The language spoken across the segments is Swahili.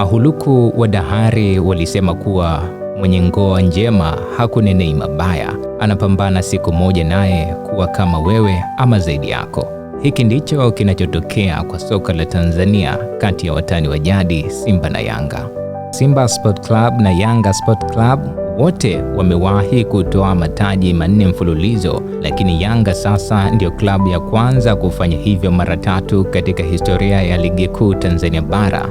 Mahuluku wa dahari walisema kuwa mwenye ngoa njema hakunenei mabaya, anapambana siku moja naye kuwa kama wewe ama zaidi yako. Hiki ndicho kinachotokea kwa soka la Tanzania kati ya watani wa jadi Simba na Yanga. Simba Sport Club na Yanga Sport Club wote wamewahi kutoa mataji manne mfululizo, lakini Yanga sasa ndiyo klabu ya kwanza kufanya hivyo mara tatu katika historia ya Ligi Kuu Tanzania Bara.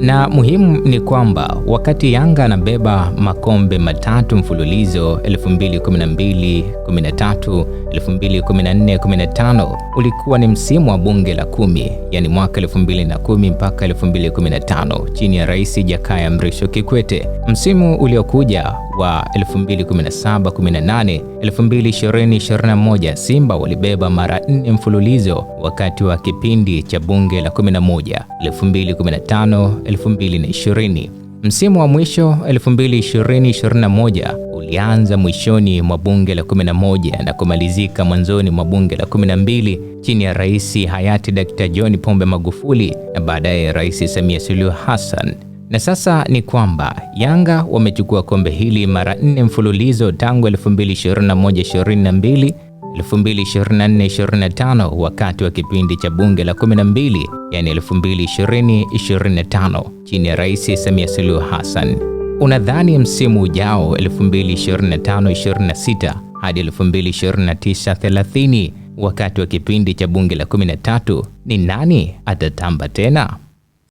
Na muhimu ni kwamba wakati Yanga anabeba makombe matatu mfululizo 2012, 13, 2014, 15 ulikuwa ni msimu wa bunge la kumi, yani mwaka 2010 mpaka 2015 chini ya Rais Jakaya Mrisho Kikwete. Msimu uliokuja wa 2017, 18, 2020, 21 Simba walibeba mara nne mfululizo wakati wa kipindi cha bunge la 11, 2015, 2020. Msimu wa mwisho 2020-2021 ulianza mwishoni mwa bunge la 11 na kumalizika mwanzoni mwa bunge la 12 chini ya Rais hayati Dr. John Pombe Magufuli na baadaye Rais Samia Suluhu Hassan. Na sasa ni kwamba Yanga wamechukua kombe hili mara nne mfululizo tangu 2021-22, 2024-25 wakati wa kipindi cha bunge la 12, yani 2020-25 chini ya Rais Samia Suluhu Hassan. Unadhani msimu ujao 2025-26 hadi 2029-30 wakati wa kipindi cha bunge la 13 ni nani atatamba tena?